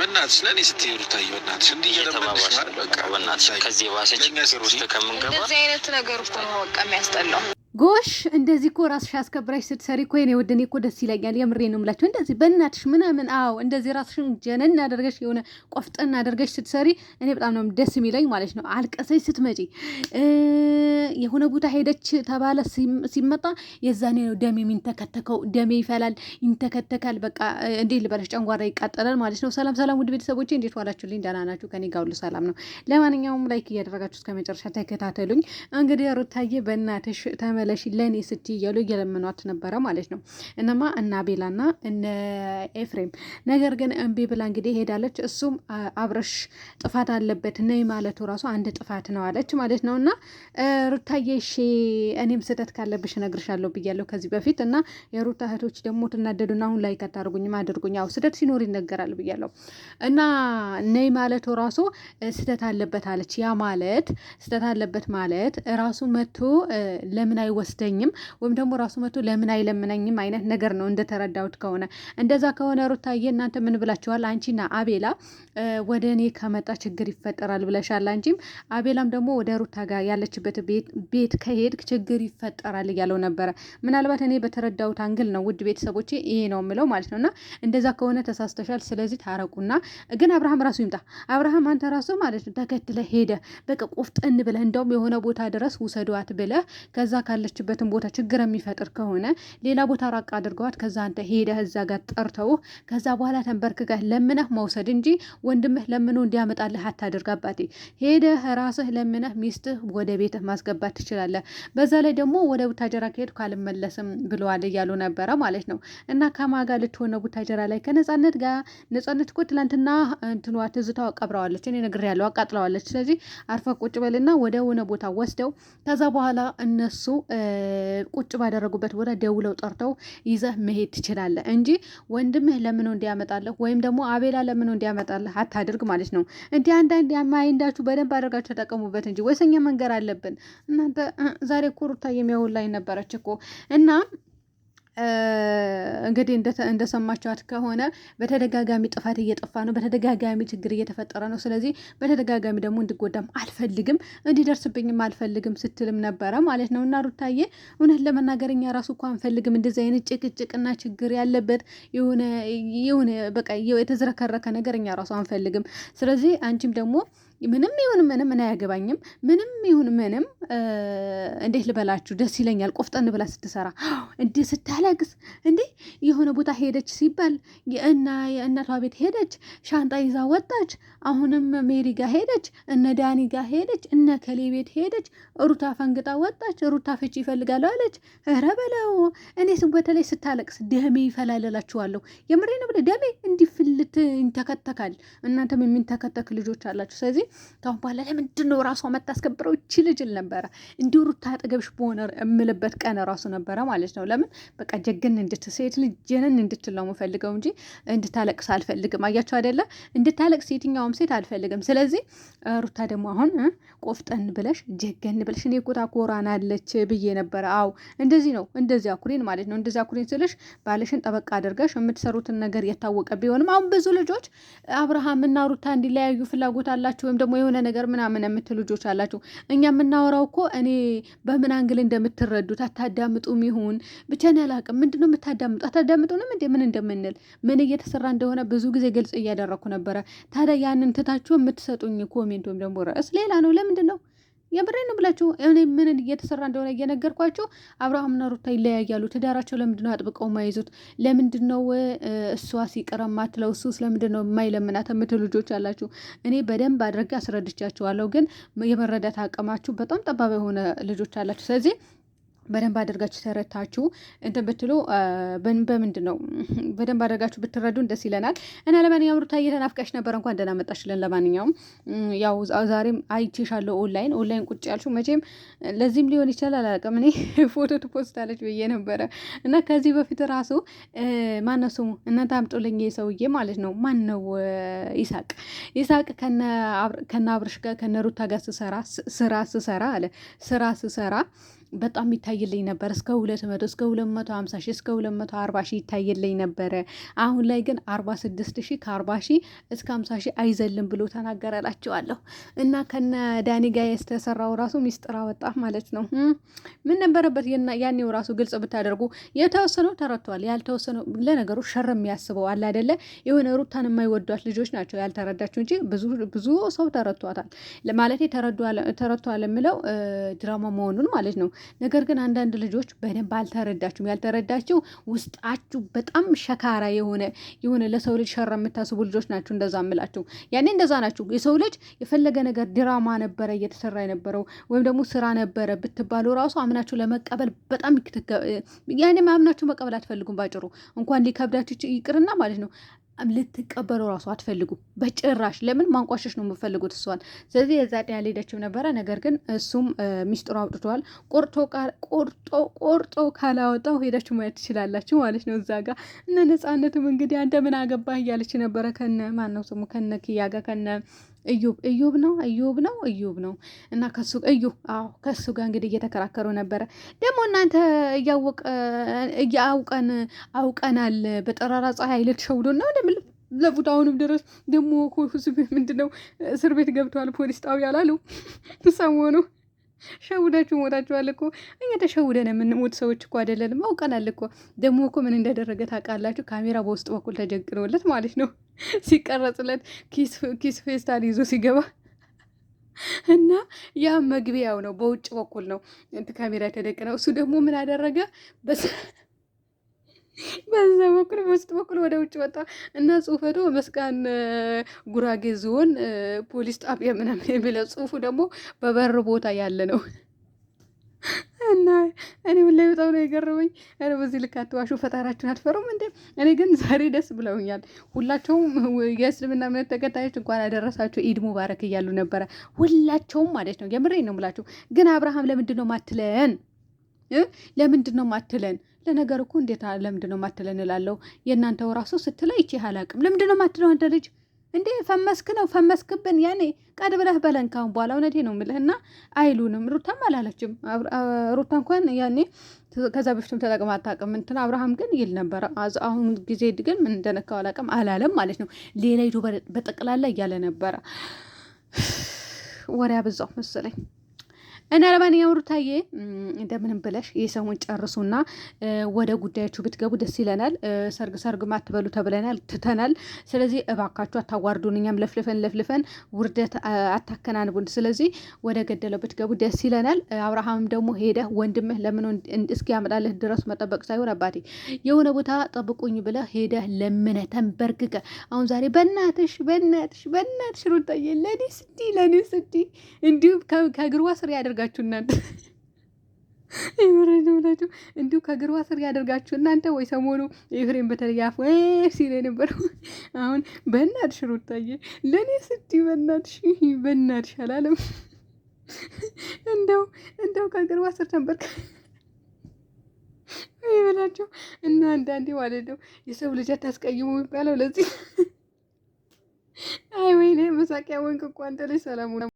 በእናትሽ ለእኔ ስትሄዱ ታየው እናትሽ እንዲህ እየተባባሽ በቃ በእናትሽ ከዚህ የባሰ ችግር ውስጥ ከምንገባ እንደዚህ አይነት ነገር እኮ ነው በቃ የሚያስጠላው። ጎሽ እንደዚህ እኮ ራስሽ አስከብራሽ ስትሰሪ እኮ የኔ ውድ እኔ እኮ ደስ ይለኛል። የምሬ ነው የምላችሁ። እንደዚህ በእናትሽ ምናምን፣ አዎ እንደዚህ ራስሽን ጀነን አደርገሽ የሆነ ቆፍጠን አደርገሽ ስትሰሪ እኔ በጣም ነው ደስ የሚለኝ ማለት ነው። አልቀሰች ስትመጪ፣ የሆነ ቦታ ሄደች ተባለ ሲመጣ የዛኔ ነው ደሜ የሚንተከተከው። ደሜ ይፈላል፣ ይንተከተካል። በቃ እንዴት ልበለሽ፣ ጨንጓራ ይቃጠላል ማለት ነው። ሰላም ሰላም፣ ውድ ቤተሰቦቼ እንዴት ዋላችሁልኝ? ደህና ናችሁ? ከኔ ጋር ሁሉ ሰላም ነው። ለማንኛውም ላይክ እያደረጋችሁ እስከ መጨረሻ ተከታተሉኝ። እንግዲህ ሩታዬ በእናትሽ ተመለ ብለሽ ለእኔ ስቲ እያሉ እየለመኗት ነበረ ማለት ነው። እነማ እና ቤላና እነ ኤፍሬም ነገር ግን እምቢ ብላ እንግዲህ ሄዳለች። እሱም አብረሽ ጥፋት አለበት ነይ ማለቱ ራሱ አንድ ጥፋት ነው አለች ማለት ነው። እና ሩታዬ እሺ እኔም ስህተት ካለብሽ እነግርሻለሁ ብያለሁ ከዚህ በፊት እና የሩታ እህቶች ደግሞ ትናደዱና አሁን ላይ ከታደርጉኝም አድርጉኝ ያው ስህተት ሲኖር ይነገራል ብያለሁ እና ነይ ማለቱ ራሱ ስህተት አለበት አለች። ያ ማለት ስህተት አለበት ማለት ራሱ መጥቶ ለምን አይወ አይወስደኝም ወይም ደግሞ ራሱ መቶ ለምን አይለምነኝም አይነት ነገር ነው እንደተረዳሁት ከሆነ። እንደዛ ከሆነ ሩታዬ እናንተ ምን ብላችኋል? አንቺና አቤላ ወደ እኔ ከመጣ ችግር ይፈጠራል ብለሻል። አንቺም አቤላም ደግሞ ወደ ሩታ ጋር ያለችበት ቤት ከሄድክ ችግር ይፈጠራል እያለው ነበረ። ምናልባት እኔ በተረዳሁት አንግል ነው ውድ ቤተሰቦቼ ይሄ ነው የምለው ማለት ነው። እና እንደዛ ከሆነ ተሳስተሻል። ስለዚህ ታረቁና ግን አብርሃም ራሱ ይምጣ። አብርሃም አንተ ራሱ ማለት ነው ተከትለ ሄደ በቃ ቆፍጠን ብለህ እንደውም የሆነ ቦታ ድረስ ውሰዷት ብለህ ከዛ ካለ ያለችበትን ቦታ ችግር የሚፈጥር ከሆነ ሌላ ቦታ ራቅ አድርገዋት ከዛ አንተ ሄደህ እዛ ጋር ጠርተው ከዛ በኋላ ተንበርክከህ ለምነህ መውሰድ እንጂ ወንድምህ ለምኖ እንዲያመጣልህ አታደርግ። አባቴ ሄደህ ራስህ ለምነህ ሚስትህ ወደ ቤትህ ማስገባት ትችላለህ። በዛ ላይ ደግሞ ወደ ቡታጀራ ከሄድኩ አልመለስም ብለዋል እያሉ ነበረ ማለት ነው። እና ከማጋ ልትሆነ ቡታጀራ ላይ ከነጻነት ጋር ነጻነት እኮ ትላንትና እንትኗ ትዝታው አቀብረዋለች። እኔ ነግሬያለሁ፣ አቃጥለዋለች። ስለዚህ አርፈ ቁጭ በልና ወደ ሆነ ቦታ ወስደው ከዛ በኋላ እነሱ ቁጭ ባደረጉበት ቦታ ደውለው ጠርተው ይዘህ መሄድ ትችላለህ እንጂ ወንድምህ ለምኖ እንዲያመጣለህ ወይም ደግሞ አቤላ ለምኖ እንዲያመጣለህ አታድርግ ማለት ነው። እንዲህ አንዳንድ ማይንዳችሁ በደንብ አድርጋችሁ ተጠቀሙበት እንጂ ወሰኛ መንገር አለብን እናንተ። ዛሬ እኮ ሩታ ነበረች እኮ እና እንግዲህ እንደሰማችኋት ከሆነ በተደጋጋሚ ጥፋት እየጠፋ ነው። በተደጋጋሚ ችግር እየተፈጠረ ነው። ስለዚህ በተደጋጋሚ ደግሞ እንድጎዳም አልፈልግም፣ እንዲደርስብኝም አልፈልግም ስትልም ነበረ ማለት ነው። እና ሩታዬ እውነት ለመናገር እኛ ራሱ እኮ አንፈልግም እንደዚህ አይነት ጭቅጭቅና ችግር ያለበት የሆነ በቃ የተዝረከረከ ነገር እኛ ራሱ አንፈልግም። ስለዚህ አንቺም ደግሞ ምንም ይሁን ምንም ምን አያገባኝም። ምንም ይሁን ምንም እንዴት ልበላችሁ ደስ ይለኛል። ቆፍጠን ብላ ስትሰራ እንዴ ስታለቅስ፣ እንዴ የሆነ ቦታ ሄደች ሲባል እና የእናቷ ቤት ሄደች፣ ሻንጣ ይዛ ወጣች። አሁንም ሜሪ ጋር ሄደች፣ እነ ዳኒ ጋር ሄደች፣ እነ ከሌ ቤት ሄደች። ሩታ ፈንግጣ ወጣች። ሩታ ፍቺ ይፈልጋሉ አለች። ኧረ በለው እኔ ስም በተለይ ስታለቅስ ደሜ የምሬ ነው ብለ ደሜ እንዲፍልት ይንተከተካል። እናንተም የሚንተከተክ ልጆች አላችሁ። ስለዚህ ካሁን በኋላ ለምንድን ነው ራሷ መታስከብረው? እቺ ልጅል ነበረ እንዲሁ ሩታ አጠገብሽ በሆነ እምልበት ቀን ራሱ ነበረ ማለት ነው። ለምን በቃ ጀግን እንድትሴት ልጅ ጀንን እንድትል የምፈልገው እንጂ እንድታለቅስ አልፈልግም። አያቸው አይደለ? እንድታለቅስ የትኛውም ሴት አልፈልግም። ስለዚህ ሩታ ደግሞ አሁን ቆፍጠን ብለሽ ጀገን ብለሽ እኔ እኮ አለች ብዬ ነበረ። አው እንደዚህ ነው እንደዚህ አኩሪን ማለት ነው። እንደዚህ አኩሪን ስልሽ ባለሽን ጠበቃ አድርገሽ የምትሰሩትን ነገር የታወቀ ቢሆንም አሁን ብዙ ልጆች አብርሃም እና ሩታ እንዲለያዩ ፍላጎት አላቸው ወይም ደግሞ የሆነ ነገር ምናምን የምትል ልጆች አላችሁ። እኛ የምናወራው እኮ እኔ በምን አንግል እንደምትረዱት አታዳምጡም ይሁን ብቻ እኔ አላውቅም። ምንድነው የምታዳምጡ? አታዳምጡንም እንዴ ምን እንደምንል ምን እየተሰራ እንደሆነ ብዙ ጊዜ ግልጽ እያደረግኩ ነበረ። ታዲያ ያንን ትታችሁ የምትሰጡኝ ኮሜንት ወይም ደግሞ ርዕስ ሌላ ነው። ለምንድን ነው የብሬን ነው ብላችሁ እኔ ምን እየተሰራ እንደሆነ እየነገርኳችሁ፣ አብርሃምና ሩታ ይለያያሉ። ትዳራቸው ለምንድነው አጥብቀው ማይዙት ለምንድነው እሷ ሲቀር ማትለው? እሱስ ለምንድነው የማይለምናት የምትሉ ልጆች አላችሁ። እኔ በደንብ አድርጌ አስረድቻችኋለሁ፣ ግን የመረዳት አቅማችሁ በጣም ጠባብ የሆነ ልጆች አላችሁ። ስለዚህ በደንብ አድርጋችሁ ተረታችሁ እንትን ብትሉ በምንድን ነው በደንብ አድርጋችሁ ብትረዱን ደስ ይለናል። እና ለማንኛውም ሩታዬ ተናፍቀሽ ነበር፣ እንኳን ደህና መጣሽልን። ለማንኛውም ያው ዛሬም አይቼሻለሁ ኦንላይን ኦንላይን ቁጭ ያልሽው መቼም ለዚህም ሊሆን ይችላል አላውቅም። እኔ ፎቶ ትፖስታለች ብዬ ነበረ እና ከዚህ በፊት ራሱ ማነሱ እናንተ አምጦልኝ ሰውዬ ማለት ነው ማን ነው ይሳቅ ይሳቅ ከነ አብርሽ ጋር ከነ ሩታ ጋር ስሰራ ስራ ስሰራ አለ ስራ ስሰራ በጣም ይታይልኝ ነበር እስከ ሁለት መቶ እስከ ሁለት መቶ ሀምሳ ሺህ እስከ ሁለት መቶ አርባ ሺህ ይታይልኝ ነበረ። አሁን ላይ ግን አርባ ስድስት ሺህ ከአርባ ሺህ እስከ ሀምሳ ሺህ አይዘልም ብሎ ተናገረላቸዋለሁ እና ከነ ዳኒ ጋር የተሰራው ራሱ ሚስጥር አወጣ ማለት ነው። ምን ነበረበት ያኔው ራሱ ግልጽ ብታደርጉ የተወሰነው ተረድቷል። ያልተወሰነው ለነገሩ ሸር የሚያስበው አለ አይደለ? የሆነ ሩታን የማይወዷት ልጆች ናቸው ያልተረዳችው እንጂ ብዙ ሰው ተረድቷታል። ማለት ተረድቷል የምለው ድራማ መሆኑን ማለት ነው። ነገር ግን አንዳንድ ልጆች በደንብ አልተረዳችሁም። ያልተረዳችሁ ውስጣችሁ በጣም ሸካራ የሆነ የሆነ ለሰው ልጅ ሸራ የምታስቡ ልጆች ናችሁ። እንደዛ ምላችሁ ያኔ እንደዛ ናችሁ። የሰው ልጅ የፈለገ ነገር ድራማ ነበረ እየተሰራ የነበረው ወይም ደግሞ ስራ ነበረ ብትባሉ ራሱ አምናችሁ ለመቀበል በጣም ያኔ አምናችሁ መቀበል አትፈልጉም። ባጭሩ እንኳን ሊከብዳችሁ ይቅርና ማለት ነው ልትቀበለው ራሱ አትፈልጉም በጭራሽ። ለምን ማንቋሸሽ ነው የምፈልጉት እሷን። ስለዚህ የዛ ጤና ሊሄደችም ነበረ። ነገር ግን እሱም ሚስጥሩ አውጥተዋል። ቆርጦ ቆርጦ ካላወጣው ሄዳችሁ ማየት ትችላላችሁ ማለት ነው እዛ ጋር እነ ነፃነትም እንግዲህ አንተ ምን አገባህ እያለች ነበረ ከነ ማን ነው ስሙ ከነ ክያጋ ከነ እዩብ እዩብ ነው እዩብ ነው እዩብ ነው እና ከሱ እዩ አዎ ከሱ ጋር እንግዲህ እየተከራከሩ ነበረ። ደግሞ እናንተ እያወቀ እያውቀን አውቀናል በጠራራ ፀሐይ ልትሸውዶ ነው ለምን ለቡድ አሁንም ድረስ ደግሞ ኮሱ ምንድነው እስር ቤት ገብተዋል ፖሊስ ጣቢያ ላሉ ሰሞኑ ሸውዳችሁ ሞታችኋል እኮ እኛ ተሸውደን የምንሞት ሰዎች እኮ አይደለንም። አውቀናል እኮ ደግሞ እኮ ምን እንደደረገ ታውቃላችሁ። ካሜራ በውስጥ በኩል ተጀግኖለት ማለት ነው ሲቀረጽለት ኪስ ፌስታል ይዞ ሲገባ እና ያ መግቢያው ነው። በውጭ በኩል ነው ካሜራ የተደቅነው። እሱ ደግሞ ምን አደረገ? በ በኩል በውስጥ በኩል ወደ ውጭ ወጣ እና ጽሁፈቱ መስቃን ጉራጌ ዞን ፖሊስ ጣቢያ ምናምን የሚለው ጽሁፉ ደግሞ በበር ቦታ ያለ ነው። እና እኔ ምን ላይ በጣም ነው የገረመኝ። ኧረ በዚህ ልክ አትዋሹ፣ ፈጣራችሁን አትፈሩም እንዴ? እኔ ግን ዛሬ ደስ ብለውኛል። ሁላቸውም የእስልምና እምነት ተከታዮች እንኳን አደረሳችሁ ኢድ ሙባረክ እያሉ ነበረ። ሁላቸውም ማለት ነው። የምሬ ነው የምላችሁ። ግን አብርሃም ለምንድን ነው ማትለን? ለምንድን ነው ማትለን? ለነገር እኮ እንዴት ለምንድን ነው ማትለን እንላለው። የእናንተው ራሱ ስትለ ይቼ አላቅም። ለምንድን ነው ማትለው አንተ ልጅ እንዴ ፈመስክ ነው ፈመስክብን። ያኔ ቀድ ብለህ በለን ካሁን በኋላ እውነቴ ነው ምልህና አይሉንም። ሩታም አላለችም። ሩታ እንኳን ያኔ ከዛ በፊትም ተጠቅማ አታውቅም። እንትን አብርሃም ግን ይል ነበረ። አሁን ጊዜ ግን ምን እንደነካው አላውቅም። አላለም ማለት ነው። ሌላ ይዶ በጠቅላላ እያለ ነበረ። ወሬ አበዛው መሰለኝ። እና ለማንኛውም ሩታዬ እንደምንም ብለሽ የሰሙን ጨርሱና ወደ ጉዳያችሁ ብትገቡ ደስ ይለናል። ሰርግ ሰርግ ማትበሉ ተብለናል፣ ትተናል። ስለዚህ እባካችሁ አታዋርዱን፣ እኛም ለፍልፈን ለፍልፈን ውርደት አታከናንቡን። ስለዚህ ወደ ገደለው ብትገቡ ደስ ይለናል። አብርሃምም ደግሞ ሄደህ ወንድምህ ለምን እስኪያመጣልህ ድረስ መጠበቅ ሳይሆን አባቴ የሆነ ቦታ ጠብቁኝ ብለህ ሄደህ ለምነህ ተንበርክከህ አሁን ዛሬ በእናትሽ በእናትሽ በእናትሽ ሩታዬ ለኔ ስዲ ለኔ ስዲ እንዲሁም ከእግርዋ ስር ያደርጋል ያደርጋችሁ እናንተ ይምረን ብላችሁ እንዲሁ ከግርባ ስር ያደርጋችሁ እናንተ። ወይ ሰሞኑ ኤፍሬም በተለይ አፉ ሲል የነበረው አሁን በእናትሽ ሩታዬ ለእኔ ስትይ በእናትሽ በእናትሽ አላለም። እንደው እንደው ከግርባ ስር ተንበርክ ይበላቸው እና አንዳንዴ ማለት ነው የሰው ልጅ አታስቀይሙ የሚባለው ለዚህ። አይ ወይኔ መሳቂያ ወንቅ እኮ አንተ ልጅ ሰላሙ